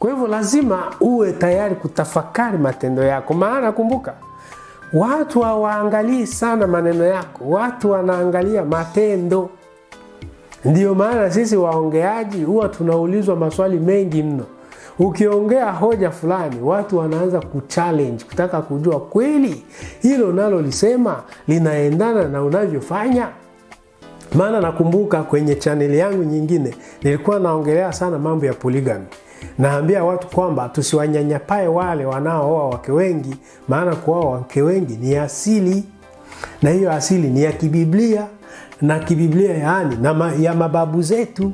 Kwa hivyo lazima uwe tayari kutafakari matendo yako, maana kumbuka, watu hawaangalii sana maneno yako, watu wanaangalia matendo. Ndiyo maana sisi waongeaji huwa tunaulizwa maswali mengi mno. Ukiongea hoja fulani, watu wanaanza kuchallenge, kutaka kujua kweli hilo nalolisema linaendana na unavyofanya. Maana nakumbuka kwenye chaneli yangu nyingine nilikuwa naongelea sana mambo ya poligami. Naambia watu kwamba tusiwanyanyapae wale wanaooa wake wengi, maana kuoa wake wengi ni asili, na hiyo asili ni ya kibiblia na kibiblia, yaani na ma, ya mababu zetu.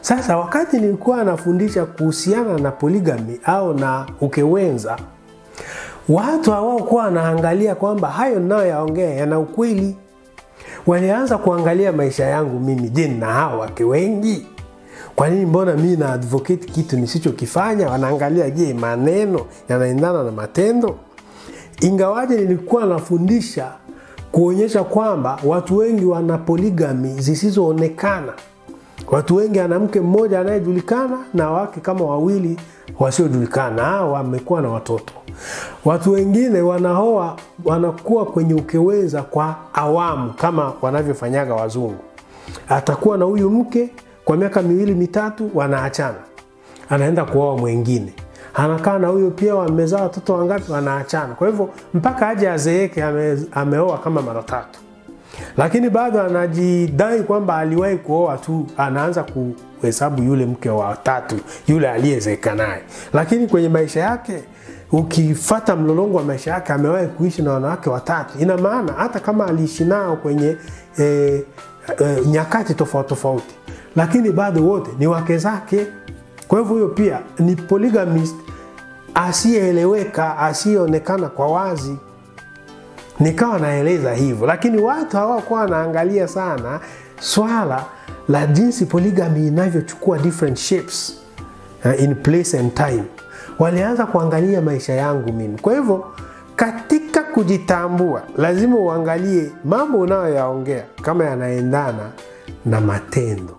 Sasa wakati nilikuwa nafundisha kuhusiana na poligami au na ukewenza, watu hawakuwa wanaangalia kwamba hayo ninayoyaongea yana ukweli. Walianza kuangalia maisha yangu mimi. Je, nina hao wake wengi? Kwa nini mbona mi na advocate kitu nisichokifanya? Wanaangalia, je, maneno yanaendana na matendo? Ingawaje nilikuwa nafundisha kuonyesha kwamba watu wengi wana poligami zisizoonekana. Watu wengi ana mke mmoja anayejulikana na wake kama wawili wasiojulikana, wamekuwa na watoto. Watu wengine wanahoa wanakuwa kwenye ukeweza kwa awamu kama wanavyofanyaga wazungu. Atakuwa na huyu mke kwa miaka miwili mitatu wanaachana, anaenda kuoa mwengine anakaa na huyo pia, wamezaa watoto wangapi, wanaachana. Kwa hivyo mpaka aje azeeke ame, ameoa kama mara tatu, lakini bado anajidai kwamba aliwahi kuoa tu, anaanza kuhesabu yule mke wa tatu, yule aliyezeeka naye. Lakini kwenye maisha yake ukifata mlolongo wa maisha yake amewahi kuishi na wanawake watatu. Ina maana hata kama aliishi nao kwenye e, e, nyakati tofauti tofauti lakini bado wote ni wake zake. Kwa hivyo huyo pia ni polygamist asiyeeleweka, asiyeonekana kwa wazi. Nikawa naeleza hivyo, lakini watu hawakuwa wanaangalia sana swala la jinsi polygamy inavyochukua different shapes uh, in place and time. Walianza kuangalia maisha yangu mimi. Kwa hivyo katika kujitambua, lazima uangalie mambo unayoyaongea kama yanaendana na matendo.